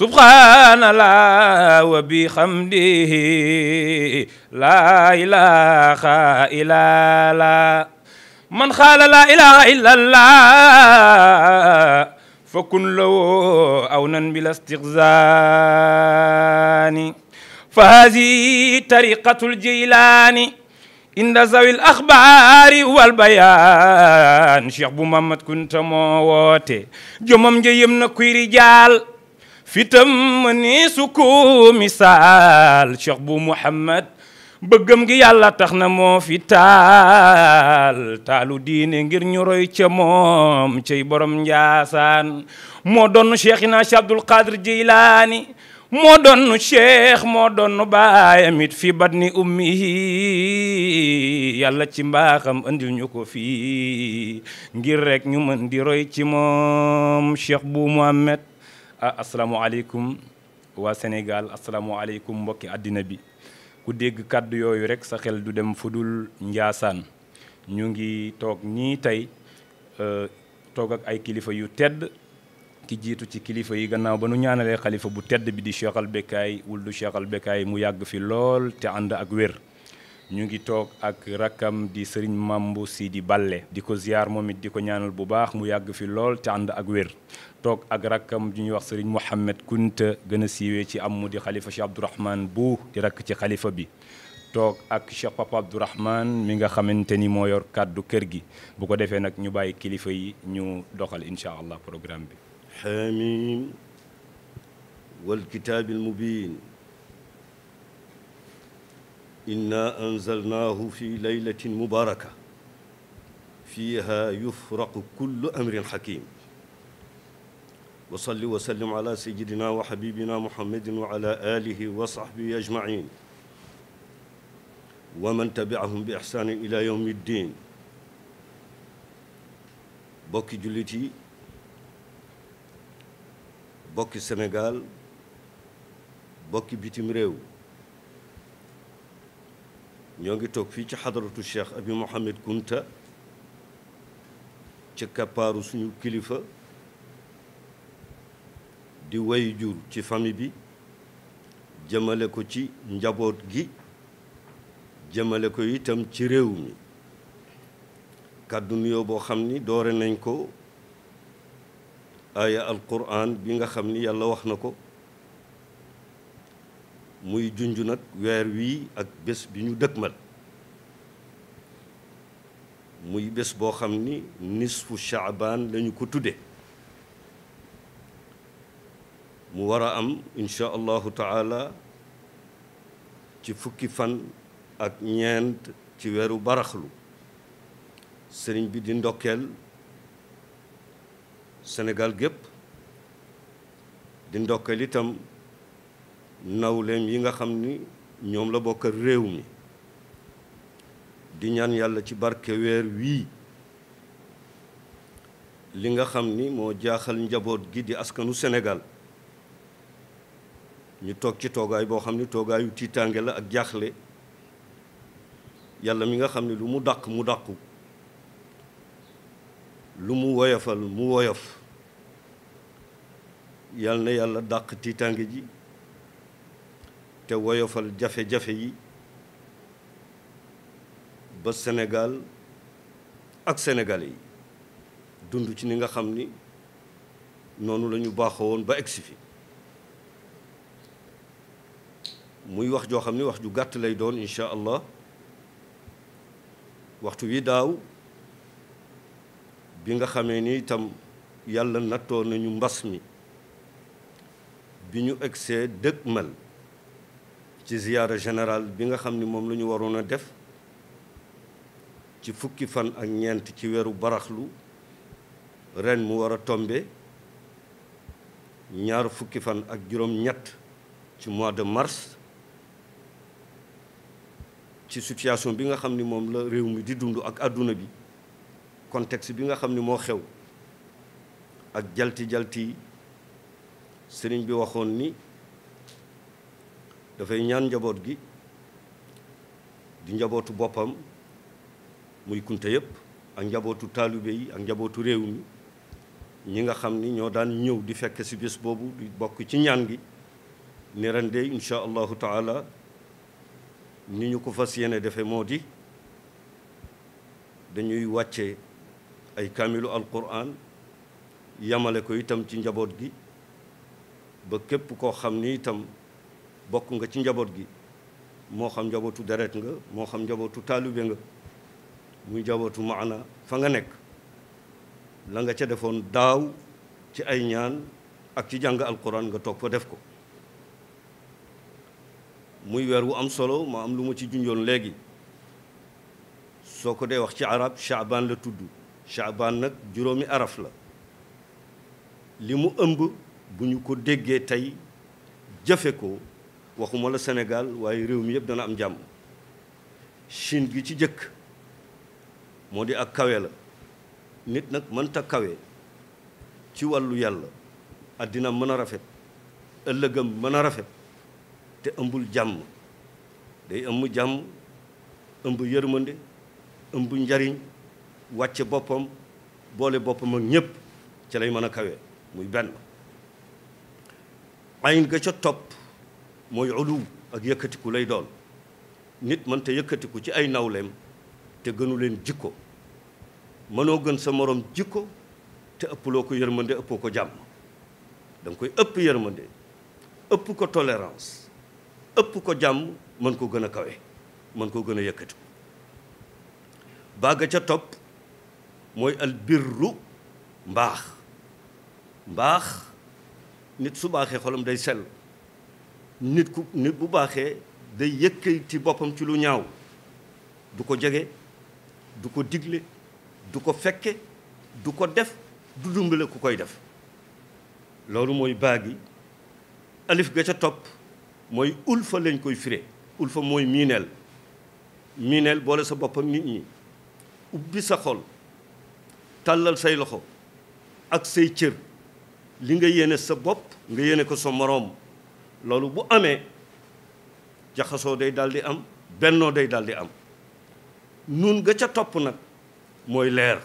سبحان الله وبحمده لا إله إلا الله من قال لا إله إلا الله فكن له أونا بلا استغزان فهذه طريقة الجيلاني عند ذوي الأخبار والبيان شيخ بو محمد كنت مواتي جمم جيم نكوي رجال fitam ni suku misal cheikh bu muhammad bëggam gi yalla taxna mo moo fi taal taalu diine ngir ñu roy ci mom ci borom njaasaan moo doon cheikhina cheikh abdul qadir jilani mo doon cheikh mo doon baye mit fi badni ummihi yalla ci mbaxam andil ñuko fi ngir rek ñu mën di roy ci mom cheikh bu muhammad ah asalaamaaleykum waa Sénégal asalaamaaleykum mbokki àddina bi ku dégg kàddu yooyu rek sa xel du dem fu dul njaasaan ñu ngi toog ñii tey eh, toog ak ay kilifa yu tedd ki jiitu ci kilifa yi gannaaw ba nu ñaanalee xalifa bu tedd bi di Cheikh Al Becaye wuldu Cheikh Al mu yàgg fi lool te ànd ak wér ñu ngi toog ak rakkam di sëriñ Mambu Sidi bale di ko ziyaar moom it di ko ñaanal bu baax mu yàgg fi lool te ànd ak wér tok ak rakkam ju ñuy wax sëriñ Mouhamed Kunta gën a siiwee ci am mu di xalifa Cheikh bu di rakk ci xalifa bi toog ak Cheikh Papa Abdourahman mi nga xamante ni moo yor kàddu kër gi bu ko defee nag ñu bàyyi kilifa yi ñu doxal incha programme bi xamim walkitaabi almubin inna anzalnaahu fi laylatin mubaraka fiha yufraqu kullu amrin hakim وصلي وسلم على سيدنا وحبيبنا محمد وعلى اله وصحبه اجمعين ومن تبعهم باحسان الى يوم الدين بوكي جوليتي بوكي سنغال بوكي بيتم ريو نيوغي توك في حضره الشيخ ابي محمد كنتا تشكا بارو سنيو كليفه di way jur ci famille bi jëmale ko ci njaboot gi jëmale ko itam ci réew mi kàddu nuyoo boo xam ni doore nañ ko aaya alquran bi nga xam ni yàlla wax na ko muy junj nag weer wii ak bés bi ñu dëkkmal muy bés boo xam ni nisfu shaaban lañu ko tudde mu war a am incha allahu taala ci fukki fan ak ñeent ci weeru baraxlu sëriñ bi di ndokkeel senegal gépp di ndokkeel itam nawleem yi nga xam ni ñoom la bokk réew mi di ñaan yàlla ci barke weer wii li nga xam ni moo jaaxal njaboot gi di askanu senegal ñu toog ci toogaay boo xam ne toogaayu tiitaange la ak jaaxle yàlla mi nga xam ne lu mu dàq mu dàqu lu mu woyofal mu woyof yàlla na yàlla dàq tiitaange ji te woyofal jafe-jafe yi ba Sénégal ak Sénégalais yi dund ci ni nga xam ni noonu lañu ñu woon ba egsi fi muy wax joo xam ne wax ju gàtt lay doon incha allah waxtu wi daaw bi nga xamee ni itam yàlla nattoo nañu mbas mi bi ñu egsee dëgmal ci ziyaara général bi nga xam ni moom la ñu waroon a def ci fukki fan ak ñeent ci weeru baraxlu ren mu war a tombe ñaar fukki fan ak juróom ñett ci mois de mars ci situation bi nga xam ni moom la réew mi di dund ak àdduna bi contexte bi nga xam ni moo xew ak jalti jalti yi sëriñ bi waxoon ni dafay ñaan njaboot gi di njabootu boppam muy kunte yëpp ak njabootu taalibe yi ak njabootu réew mi ñi nga xam ni ñoo daan ñëw di fekk si bés boobu di bokk ci ñaan gi ne ren de incha allahu taala ni ñu ko fasiyene defé modi dañuy wacce ay kamilu alquran yamale ko itam ci njabot gi ba kep ko xamni itam bokku nga ci njabot gi mo xam njabotu deret nga mo xam njabotu talube nga muy njabotu maana fa nga nek la nga ci defon daw ci ay ñaan ak ci jang alquran nga tok fa def ko muy weer wu am solo ma am lu ma ci junjoon léegi soo ko dee wax ci arab chaabaan la tudd chaabaan nag juróomi araf la li mu ëmb bu ñu ko déggee tey jëfe ko waxuma la Sénégal waaye réew mi yëpp dana am jàmm Chine gi ci jëkk moo di ak kawe la nit nag mënta kawe ci wàllu yàlla àddina mën a rafet ëllëgam mën a rafet te ëmbul jàmm day ëmb jàmm ëmb yërmande ëmb njariñ wàcce boppam boole boppam ak ñépp ci lay mën a kawe muy benn ayn ga ca topp mooy uluw ak yëkkatiku lay doon nit mënta yëkkatiku ci ay nawleem te gënu leen jikko mënoo gën sa moroom jikko te ëpploo ko yërmande ëppoo ko jàmm da koy ëpp yërmande ëpp ko tolérance ëpp ko jàmm mën ko gën a kawe mën ko gën a baa ga ca topp mooy al birru mbaax mbaax nit su baaxee xolam day sell nit ku nit bu baaxee day yëkkati boppam ci lu ñaaw du ko jege du ko digle du ko fekke du ko def du dumbale ku koy def loolu mooy baagi alif ga ca topp mooy fa lañ koy firé ulfa mooy miineel miineel boole sa bopp ak nit ñi ubbi sa xol tàllal say loxo ak say cër li nga yéene sa bopp nga yéene ko sa moroom loolu bu amee jaxasoo day daal di am bennoo day daal di am nun nga ca topp nag mooy leer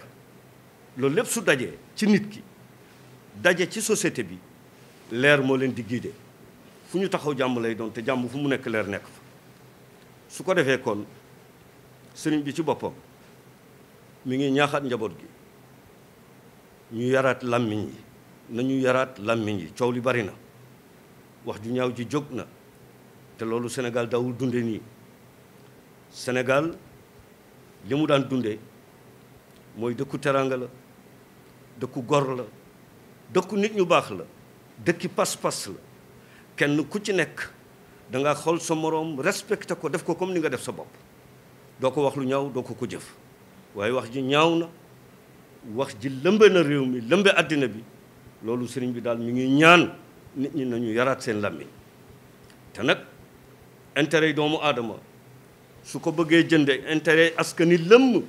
loolu lépp su dajee ci nit ki daje ci société bi leer moo leen di guider fu ñu taxaw jàmm lay doon te jàmm fu mu nekk leer nekk fa su ko defee kon sëriñ bi ci boppam mu ngi ñaaxaat njaboot gi ñu yaraat làmmiñ yi nañu yaraat làmmiñ yi coow li bari na wax ju ñaaw ji jóg na te loolu senegal daawul dunde nii senegal li mu daan dunde mooy dëkku teraanga la dëkku gor la dëkku nit ñu baax la dëkki pas-pas la kenn ku ci nekk da nga xool sa moroom respecté ko def ko comme ni nga def sa bopp doo ko wax lu ñaaw doo ko ko jëf waaye wax ji ñaaw na wax ji lëmbe na réew mi lëmbe àddina bi loolu sëriñ bi daal mu ngi ñaan nit ñi nañu yaraat seen làmmiñ te nag intere yi doomu aadama su ko bëggee jënde intérêt askan wi lëmm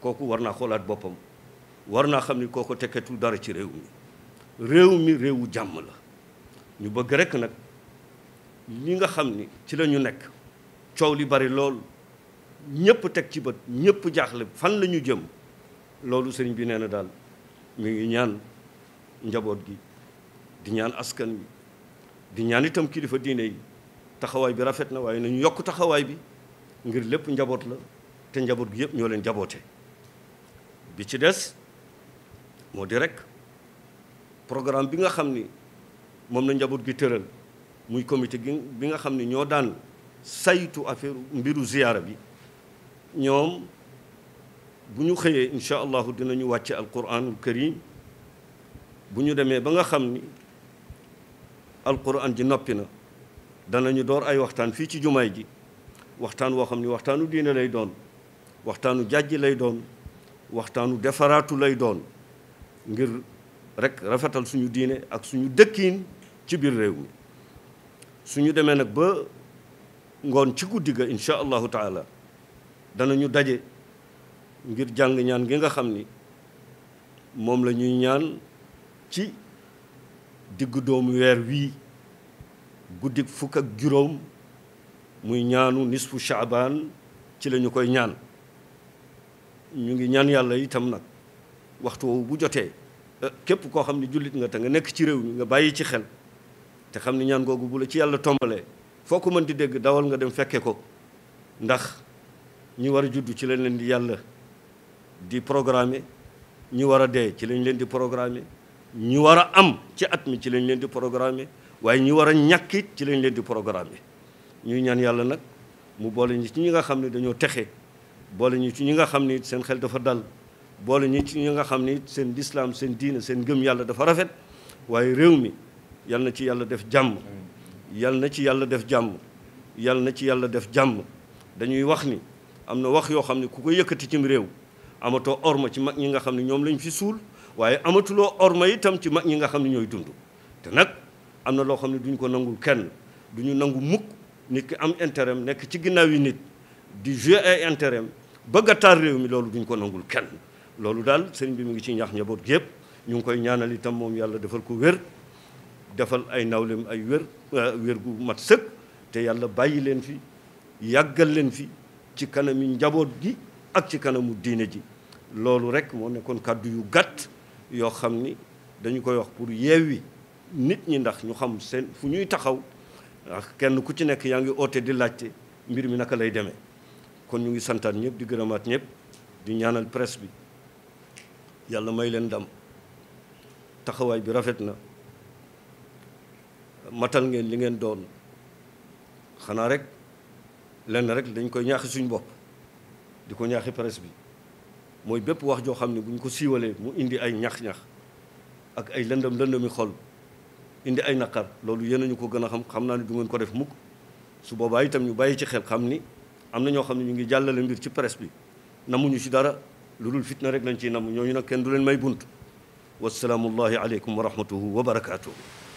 kooku war naa xoolaat boppam war naa xam ni koo ko tekketul dara ci réew mi réew mi réewu jàmm la ñu bëgg rekk nag li nga xam ni ci la ñu nekk coow li bari lool ñëpp teg ci bët ñëpp jaaxle fan la ñu jëm loolu sëriñ bi nee na daal mu ngi ñaan njaboot gi di ñaan askan wi di ñaan itam kilifa diine yi taxawaay bi rafet na waaye nañu yokk taxawaay bi ngir lépp njaboot la te njaboot gi yëpp ñoo leen njaboote bi ci des moo di rek programme bi nga xam ni moom la njaboot gi tëral muy comité gi bi nga xam ne ñoo daan saytu affaire mbiru ziyaara bi ñoom bu ñu xëyee incha allahu dinañu wàcce alquranul karim bu ñu demee ba nga xam ni alquran ji noppi na danañu door ay waxtaan fii ci jumaay ji waxtaan woo xam ni waxtaanu diine lay doon waxtaanu jàjji lay doon waxtaanu defaraatu lay doon ngir rekk rafetal suñu diine ak suñu dëkkiin ci biir réew mi su ñu demee nag ba ngoon ci guddi ga incha allahu taala danañu daje ngir jàng ñaan gi nga xam ni moom la ñuy ñaan ci diggu doomu weer wii guddi fukk ak juróom muy ñaanu nisfu shaabaan ci lañu koy ñaan ñu ngi ñaan yàlla itam nag waxtu woowu bu jotee eh, képp koo xam ne jullit nga te nga nekk ci réew mi nga bàyyi ci xel te xam ni ñaan googu bu la ci yàlla tombalee foo ko mën di dégg dawal nga dem fekke ko ndax ñi war a juddu ci lañ leen di yàlla di programmer ñi war a dee ci lañ leen di programmer ñi war a am ci at mi ci lañ leen di programmer waaye ñi war a ñàkkit ci lañ leen di programmer ñuy ñaan yàlla nag mu boole ñi ci ñi nga xam ne dañoo texe boole ñi ci ñi nga xam ni seen xel dafa dal boole ñi ci ñi nga xam ni seen lislaam seen diine seen gëm yàlla dafa rafet yal na ci yalla def jam, yal na ci yalla def jam, yal na ci yalla def jam, dañuy wax ni am na wax yo xamni ne ku ko yëkkati cim orma ci mag ñi nga xamni ñom lañ fi waye amatu lo orma itam ci mag ñi nga xamni ñoy dundu te nak amna lo xamni duñ ko nangul kenn duñu nangu mukk nit ki am intérêt nek ci ginnaaw yi nit di jouer ay intérêt bëgg a rew mi loolu duñ ko nangul kenn loolu dal sëriñ bi mu ngi ci ñaax ñabot gépp ñu ngi koy ñaanal itam mom yalla defal ko wër defal ay nawleem ay wér wér gu mat sëkk te yàlla bàyyi leen fi yàggal leen fi ci kanami njaboot gi ak ci kanamu diine ji loolu rek moo nekkoon kàddu yu gàtt yoo xam ni dañu koy wax pour yeewi nit ñi ndax ñu xam seen fu ñuy taxaw kenn ku ci nekk yaa ngi oote di laajte mbir mi naka lay demee kon ñu ngi santaat ñëpp di gërëmaat ñëpp di ñaanal presse bi yàlla may leen ndam taxawaay bi rafet na matal ngeen li ngeen doon xanaa rek lenn rek dañ koy ñaaxi suñu bopp di ko ñaaxi presse bi mooy bépp wax joo xam ne bu ñu ko siiwalee mu indi ay ñax-ñax ak ay lëndëm lëndëmi xol indi ay naqar loolu yéen ñu ko gën a xam xam naa ne du ngeen ko def mukk su boobaa itam ñu bàyyi ci xel xam ni am na ñoo xam ne ñu ngi jàllale mbir ci presse bi namuñu ci dara lu dul fitna rek lañ ciy nam ñu nag kenn du leen may bunt wasalaamullahi aleykum wa rahmatuhu wa barakaatuhu